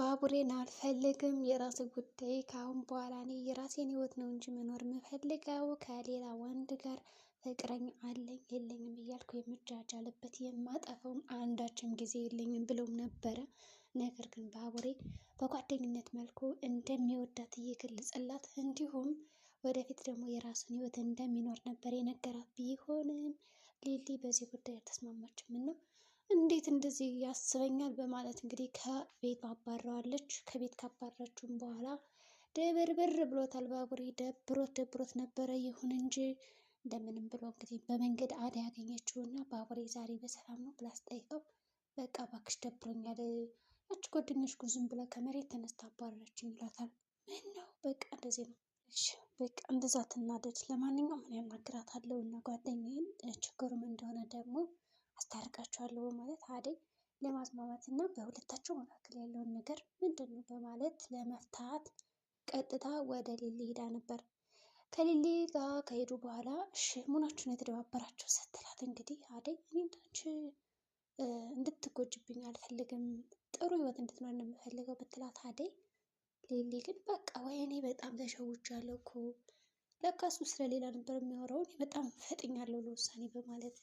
ባቡሬን አልፈልግም። የራስ ጉዳይ ከአሁን በኋላ እኔ የራሴን ህይወት ነው እንጂ መኖር የምፈልገው ከሌላ ወንድ ጋር ፍቅረኛ አለኝ የለኝም እያልኩ የምጃጃልበት የማጠፈውን አንዳችም ጊዜ የለኝም ብለው ነበረ። ነገር ግን ባቡሬ በጓደኝነት መልኩ እንደሚወዳት እየገለጸላት እንዲሁም ወደፊት ደግሞ የራሱን ህይወት እንደሚኖር ነበር የነገራት ቢሆንም ሊሊ በዚህ ጉዳይ አልተስማማችም እና እንዴት እንደዚህ ያስበኛል በማለት እንግዲህ ከቤት አባረዋለች። ከቤት ካባረችውም በኋላ ድብርብር ብሎታል። ባቡሬ ደብሮት ደብሮት ነበረ። ይሁን እንጂ እንደምንም ብሎ እንግዲህ በመንገድ አደይ ያገኘችው እና ባቡሬ ዛሬ በሰላም ነው ብላ ስጠይቀው በቃ እባክሽ ደብሮኛል፣ ያቺ ጓደኛሽ እኮ ብለ ከመሬት ተነስታ አባረረችኝ ይላታል። ምን ነው በቃ እንደዚህ ነው እሺ በቃ እንደዛ ትናደድ። ለማንኛውም እኔ አናግራታለሁ እና ጓደኛዬን ችግሩ ምን እንደሆነ ደግሞ አስታርቃቸዋለሁ ማለት አደይ ለማስማማት እና በሁለታቸው መካከል ያለውን ነገር ምንድን ነው በማለት ለመፍታት ቀጥታ ወደ ሊሊ ሄዳ ነበር። ከሊሊ ጋር ከሄዱ በኋላ እሺ ምናችሁን የተደባበራችሁ ስትላት እንግዲህ አደይ አንቺ እንድትጎጅብኝ አልፈልግም፣ ጥሩ ህይወት እንድትኖር ነው የምፈልገው ብትላት አደይ ሊሊ ግን በቃ ወይኔ በጣም ተሸውጃለሁ እኮ ለካ እሱ ስለሌላ ነበር የሚያወራው። እኔ በጣም ፈጥኛለሁ ለውሳኔ በማለት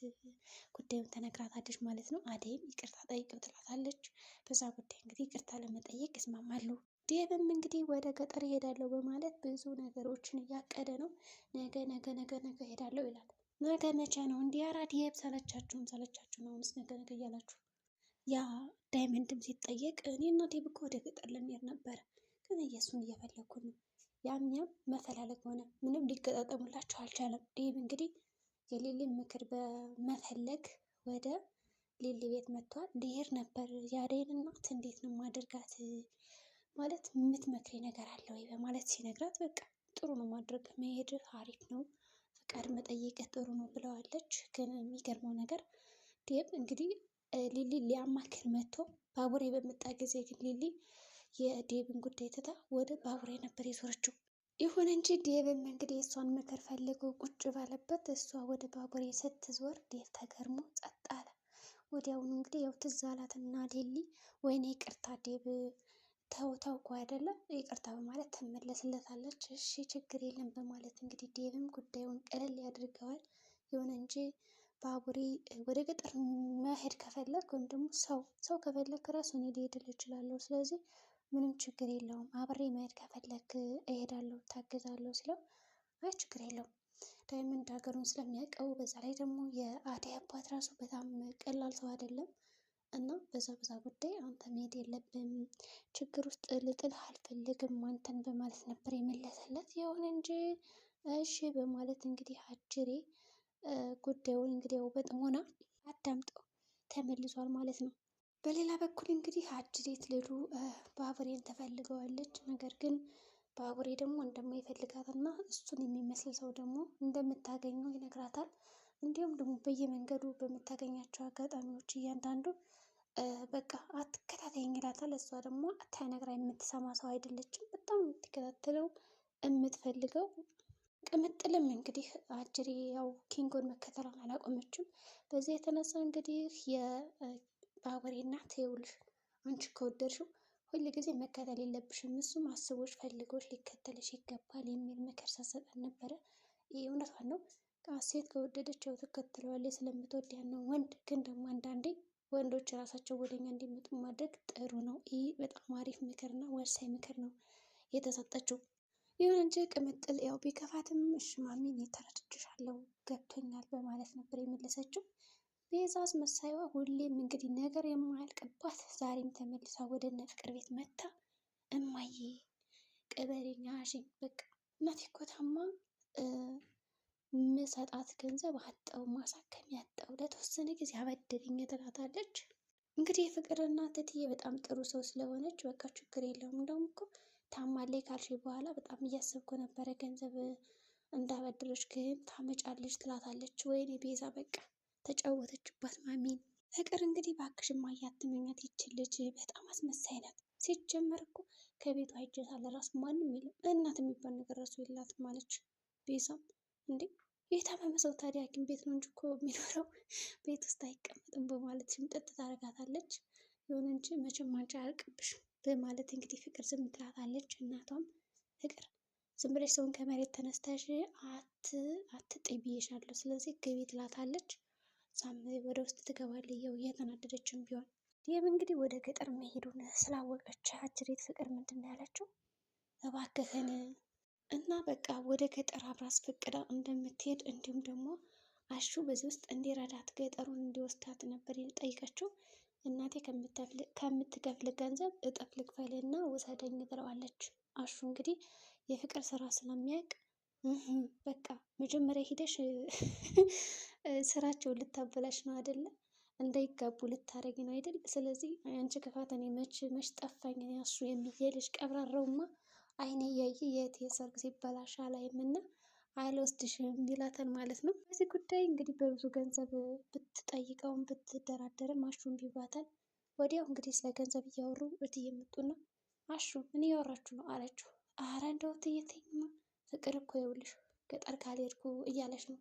ጉዳዩን ተነግራታለች ማለት ነው። አደይም ይቅርታ ጠይቀው ትላታለች። በዛ ጉዳይ እንግዲህ ይቅርታ ለመጠየቅ ይስማማሉ። ዴብም እንግዲህ ወደ ገጠር እሄዳለሁ በማለት ብዙ ነገሮችን እያቀደ ነው። ነገ ነገ ነገ ነገ እሄዳለሁ ይላል። ነገ መቼ ነው እንዲህ? ኧረ ዴብ ሰለቻችሁም ሰለቻችሁ ነው አሁንስ ነገ ነገ እያላችሁ። ያ ዳይመንድም ሲጠየቅ እኔ እና ዴብ እኮ ወደ ገጠር ልንሄድ ነበረ፣ ግን እየሱን እየፈለኩ ነው ያም መፈላለግ ሆነ ምንም ሊገጣጠሙላቸው አልቻለም። ዴቭ እንግዲህ የሊሊን ምክር በመፈለግ ወደ ሊሊ ቤት መጥቷል። ሊሄድ ነበር የአደይን እናት እንዴት ነው ማደርጋት ማለት የምትመክሪ ነገር አለ ወይ በማለት ሲነግራት፣ በቃ ጥሩ ነው ማድረግ መሄድ አሪፍ ነው ፈቃድ መጠየቅ ጥሩ ነው ብለዋለች። ግን የሚገርመው ነገር ዴቭ እንግዲህ ሊሊ ሊያማክር መጥቶ ባቡሬ በመጣ ጊዜ ግን ሊሊ የዴቭን ጉዳይ ትታ ወደ ባቡሬ ነበር የዞረችው። ይሁን እንጂ ዴቭም እንግዲህ እሷን ምክር ፈልጎ ቁጭ ባለበት እሷ ወደ ባቡሬ ስትዞር ዴቭ ተገርሞ ጸጥ አለ። ወዲያውኑ እንግዲህ ያው ትዝ አላትና ሌሊ ወይኔ ይቅርታ ዴቭ ተው ተው እኮ አይደለም ይቅርታ በማለት ትመለስለታለች። እሺ ችግር የለም በማለት እንግዲህ ዴቭም ጉዳዩን ቀለል ያድርገዋል። ይሁን እንጂ ባቡሬ ወደ ገጠር መሄድ ከፈለግ ወይም ደግሞ ሰው ሰው ከፈለግ ራሱ እኔ ሊሄድል ስለዚህ ምንም ችግር የለውም አብሬ መሄድ ከፈለክ እሄዳለሁ ታግዛለሁ ስለው አይ ችግር የለውም ዳይመንድ ሀገሩን ስለሚያውቀው በዛ ላይ ደግሞ የአደይ አባት ራሱ በጣም ቀላል ሰው አይደለም እና በዛ በዛ ጉዳይ አንተ መሄድ የለብም ችግር ውስጥ ልጥልህ አልፈልግም አንተን በማለት ነበር የመለሰለት። የሆነ እንጂ እሺ በማለት እንግዲህ አጅሬ ጉዳዩን እንግዲህ ያው በጥሞና አዳምጠው ተመልሷል ማለት ነው። በሌላ በኩል እንግዲህ አጅሬት ልዱ ባቡሬን ትፈልገዋለች ነገር ግን ባቡሬ ደግሞ እንደማይፈልጋት እና እሱን የሚመስል ሰው ደግሞ እንደምታገኘው ይነግራታል። እንዲሁም ደግሞ በየመንገዱ በምታገኛቸው አጋጣሚዎች እያንዳንዱ በቃ አትከታተይኝ ይላታል። እሷ ደግሞ አታነግራ የምትሰማ ሰው አይደለችም። በጣም የምትከታተለው የምትፈልገው ቅምጥልም እንግዲህ አጅሬ ያው ኪንጎን መከተሏን አላቆመችም። በዚህ የተነሳ እንግዲህ አባወሬ እናት ይኸውልሽ፣ አንቺ ከወደድሽው ሁል ጊዜ መከተል የለብሽም እሱም አስቦሽ ፈልጎች ሊከተልሽ ይገባል የሚል ምክር ስትሰጠን ነበረ። ይህ እውነቷን ነው። ሴት ከወደደች ያው ትከተለዋለች ስለምትወድ ያነው ወንድ። ግን ደግሞ አንዳንዴ ወንዶች ራሳቸው ወደኛ እንዲመጡ ማድረግ ጥሩ ነው። ይህ በጣም አሪፍ ምክር እና ወሳኝ ምክር ነው የተሰጠችው። ይሁን እንጂ ቅምጥል ያው ቢከፋትም እሺ ማሚ ገብቶኛል በማለት ነበር የመለሰችው። ቤዛ አስመሳይዋ ሁሌም እንግዲህ ነገር የማያልቅባት ዛሬም ተመልሳ ወደ እነ ፍቅር ቤት መታ እማዬ ቅበሬኛ አሽኝ በቃ እናቴ እኮ ታማ ምሰጣት ገንዘብ አጣው ማሳከም ያጣው ለተወሰነ ጊዜ አበደረኝ ትላታለች። እንግዲህ የፍቅር እናት እትዬ በጣም ጥሩ ሰው ስለሆነች በቃ ችግር የለውም። እንደውም እኮ ታማለች ካልሽ በኋላ በጣም እያሰብኩ ነበረ ገንዘብ እንዳበድሮች ግን ታመጫለች ትላታለች። ወይኔ ቤዛ በቃ ተጫወተችባት ማሚን። ፍቅር እንግዲህ በአክሽማ እያተመኛት ይች ልጅ በጣም አስመሳይ ናት። ሲጀመር እኮ ከቤቷ አይጀታል ራሱ ማንም የለም እናት የሚባል ነገር ራሱ የላትም አለች ቤዛም። እንዴ የታመመ ሰው ታዲያ ግን ቤት ነው እንጂ እኮ የሚኖረው ቤት ውስጥ አይቀመጥም በማለት ሽምጥጥ ታደርጋታለች። ይሁን እንጂ መቼም አንቺ አያልቅብሽም በማለት እንግዲህ ፍቅር ዝም ትላታለች። እናቷም ፍቅር ዝም ብለሽ ሰውን ከመሬት ተነስተሽ አትጥይ ብዬሻለሁ፣ ስለዚህ ግቢ ትላታለች። ሳም ወደ ውስጥ ትገባለች። ያው እየተናደደችም ቢሆን ይህም እንግዲህ ወደ ገጠር መሄዱን ስላወቀች አጅሬት ፍቅር ምንድን ነው ያለችው? እባክህን እና በቃ ወደ ገጠር አብራ አስፈቅዳ እንደምትሄድ እንዲሁም ደግሞ አሹ በዚህ ውስጥ እንዲረዳት ገጠሩን እንዲወስዳት ነበር የጠይቀችው። እናቴ ከምትከፍል ገንዘብ እጥፍ ልክፈልህ እና ውሰደኝ ትለዋለች። አሹ እንግዲህ የፍቅር ስራ ስለሚያውቅ በቃ መጀመሪያ ሄደሽ ስራቸውን ልታበላሽ ነው አይደለ? እንዳይጋቡ ልታረጊ ነው አይደል? ስለዚህ አንቺ ክፋት እኔ መች መች ጠፋኝ። ያሱ የሚየልሽ ቀብራራውማ አይኔ እያየ የት የሰርግ ሲበላሽ አላይም እና አይልወስድሽም ይላታል ማለት ነው። በዚህ ጉዳይ እንግዲህ በብዙ ገንዘብ ብትጠይቀውም ብትደራደርም አሹም ቢባታል። ወዲያው እንግዲህ ስለ ገንዘብ እያወሩ እትዬ መጡና አሹ ምን እያወራችሁ ነው አለችው። አረ እንደው እትዬ ተይኝማ ፍቅር እኮ ይኸውልሽ ገጠር ካልሄድኩ እያለች ነው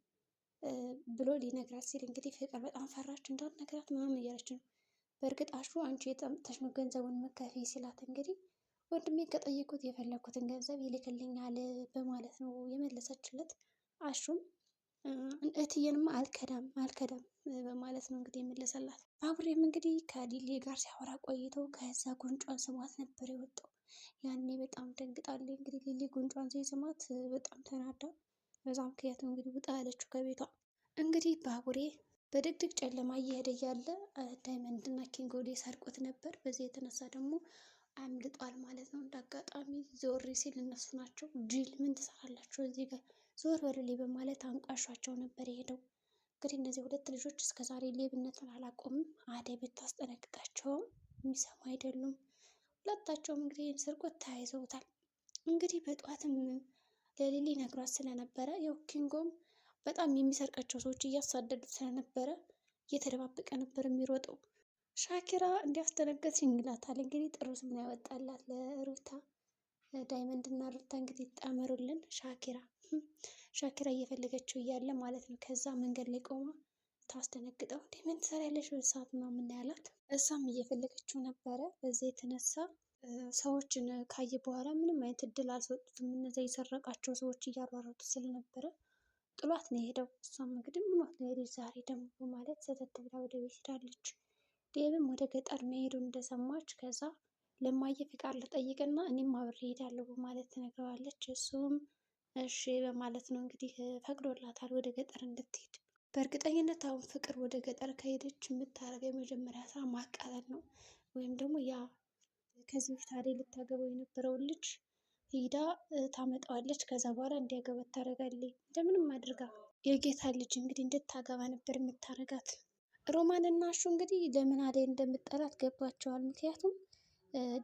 ብሎ ሊነግራት ሲል እንግዲህ ፍቅር በጣም ፈራች። ነግራት ምናምን እያለች ነው። በእርግጥ አሹ አንቺ የጠምጥተሽ ነው ገንዘቡን መካፈል ሲላት እንግዲህ ወንድሜ ከጠየቁት የፈለግኩትን ገንዘብ ይልክልኛል በማለት ነው የመለሰችለት። አሹም እህትዬንም አልከዳም አልከዳም በማለት ነው እንግዲህ የመለሰላት። ባቡሬም እንግዲህ ከሊሊ ጋር ሲያወራ ቆይተው ከዛ ጉንጯን ስሟት ነበር የወጣው። ያኔ በጣም ደንግጣለች። እንግዲህ ሊሊ ጉንጯን ሲስማት በጣም ተናዳ፣ በዛ ምክንያት እንግዲህ ውጣ ያለችው ከቤቷ። እንግዲህ ባቡሬ በድቅድቅ ጨለማ እየሄደ እያለ ዳይመንድ እና ኪንጎዴ ሰርቆት ነበር። በዚህ የተነሳ ደግሞ አምልጧል ማለት ነው። እንደ አጋጣሚ ዞር ሲል እነሱ ናቸው ጅል ምን ትሰራላችሁ እዚህ ጋር ዞር በሉልኝ በማለት አንቋሿቸው ነበር የሄደው። እንግዲህ እነዚህ ሁለት ልጆች እስከዛሬ ሌብነትን አላቆምም። አደይ ብታስጠነቅቃቸውም የሚሰሙ አይደሉም። ሁለታቸውም እንግዲህ ስርቆት ተያይዘውታል። እንግዲህ በጠዋትም ለሊሊ ነግሯት ስለነበረ ያው ኪንጎም በጣም የሚሰርቃቸው ሰዎች እያሳደዱት ስለነበረ እየተደባበቀ ነበር የሚሮጠው። ሻኪራ እንዲያስደነገጥ ይንላታል። እንግዲህ ጥሩ ስም ያወጣላት ለሩታ ዳይመንድ እና ሩታ እንግዲህ ይጣመሩልን ሻኪራ ሻኪራ እየፈለገችው እያለ ማለት ነው። ከዛ መንገድ ላይ ቆማ ታስደነግጠው እንዴ ምን ትሰሪያለሽ ሰዓት ምናምን ያላት። እሷም እየፈለገችው ነበረ። በዚህ የተነሳ ሰዎችን ካየ በኋላ ምንም አይነት እድል አልሰጡትም። እነዚያ የሰረቃቸው ሰዎች እያሯሯጡ ስለነበረ ጥሏት ነው የሄደው። እሷም እንግዲህ ምኗት ነው የሄደች ዛሬ ደግሞ በማለት ሰተት ብላ ወደ ቤት ሄዳለች። ዴብም ወደ ገጠር መሄዱን እንደሰማች ከዛ ለማየ ፍቃድ ልጠይቅና እኔም አብሬ እሄዳለሁ በማለት ትነግረዋለች። እሱም እሺ በማለት ነው እንግዲህ ፈቅዶላታል ወደ ገጠር እንድትሄድ። በእርግጠኝነት አሁን ፍቅር ወደ ገጠር ከሄደች የምታደርገው የመጀመሪያ ስራ ማቃለል ነው። ወይም ደግሞ ያ ከዚህ በፊት አደይ ልታገባው የነበረውን ልጅ ሂዳ ታመጣዋለች። ከዛ በኋላ እንዲያገባት ታደርጋለች። እንደምንም አድርጋ የጌታ ልጅ እንግዲህ እንድታገባ ነበር የምታደርጋት። ሮማን እና እሹ እንግዲህ ለምን አደይ እንደምጠላት ገባቸዋል። ምክንያቱም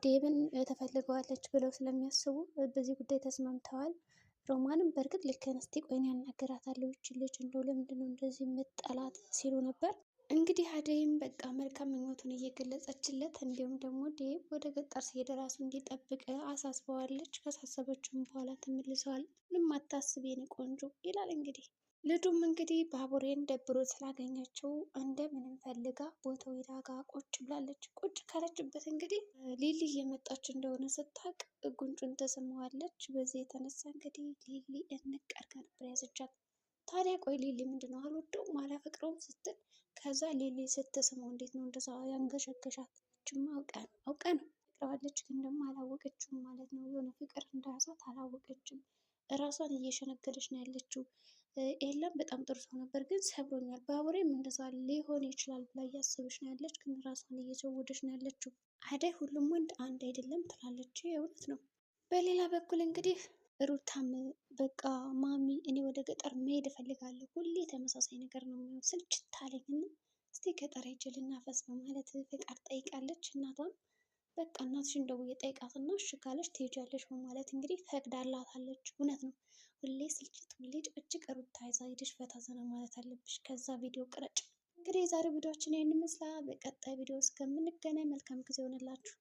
ዴብን ተፈልገዋለች ብለው ስለሚያስቡ በዚህ ጉዳይ ተስማምተዋል። ሮማንም በእርግጥ ልክ ነህ እስቲ ቆይ እኔ አናግራታለሁ ልጅ እንደው ለምንድን ነው እንደዚህ የምጠላት ሲሉ ነበር። እንግዲህ አደይም በቃ መልካም ምኞቱን እየገለጸችለት እንዲሁም ደግሞ ዴ ወደ ገጠር ሲሄድ ራሱ እንዲጠብቅ አሳስበዋለች። ከሳሰበችውም በኋላ ተመልሰዋል። ምንም አታስብ የኔ ቆንጆ ይላል እንግዲህ ልዱም እንግዲህ ባቡሬን ደብሮ ስላገኘችው እንደምንም ፈልጋ ቦታው ሄዳ ጋ ቁጭ ብላለች። ቁጭ ካለችበት እንግዲህ ሊሊ እየመጣች እንደሆነ ስታቅ ጉንጩን ተስመዋለች። በዚህ የተነሳ እንግዲህ ሊሊ እንቅ አድርጋ ነበር ያዘቻት። ታዲያ ቆይ ሊሊ ምንድነው አልወደውም አላፈቅረውም ስትል ከዛ ሊሊ ስትስመው እንዴት ነው እንደዛ ያንገሸገሻት? ችማ አውቃ ነው አውቃ ነው አቅረዋለች፣ ግን ደግሞ አላወቀችውም ማለት ነው። የሆነ ፍቅር እንዳያዛት አላወቀችም። እራሷን እየሸነገለች ነው ያለችው። ኤላም በጣም ጥሩ ሰው ነበር፣ ግን ሰብሮኛል። ባቡሬም እንደዛ ሊሆን ይችላል ብላ እያሰበች ነው ያለች፣ ግን ራሷን እየዘወደች ነው ያለችው። አደይ ሁሉም ወንድ አንድ አይደለም ትላለች። የእውነት ነው። በሌላ በኩል እንግዲህ ሩታም በቃ ማሚ፣ እኔ ወደ ገጠር መሄድ እፈልጋለሁ። ሁሌ ተመሳሳይ ነገር ነው የሚሆን፣ ስልችት አለኝ እና እስቲ ገጠር ሂጅ ልናፈስ በማለት ፍቃድ ጠይቃለች። እናቷም በቃ እናትሽን ደውዬ ጠይቃትና እሺ ካለች ትሄጃለሽ በማለት እንግዲህ ፈቅዳላታለች። እውነት ነው ሁሌ ስልችት፣ ሁሌ ጭቅጭቅ፣ ሩታ ይዛ ሄደሽ ፈታ ማለት አለብሽ። ከዛ ቪዲዮ ቅረጭ። እንግዲህ የዛሬው ቪዲዮችን ይህን ይመስላል። በቀጣይ ቪዲዮ እስከምንገናኝ መልካም ጊዜ ይሆንላችሁ።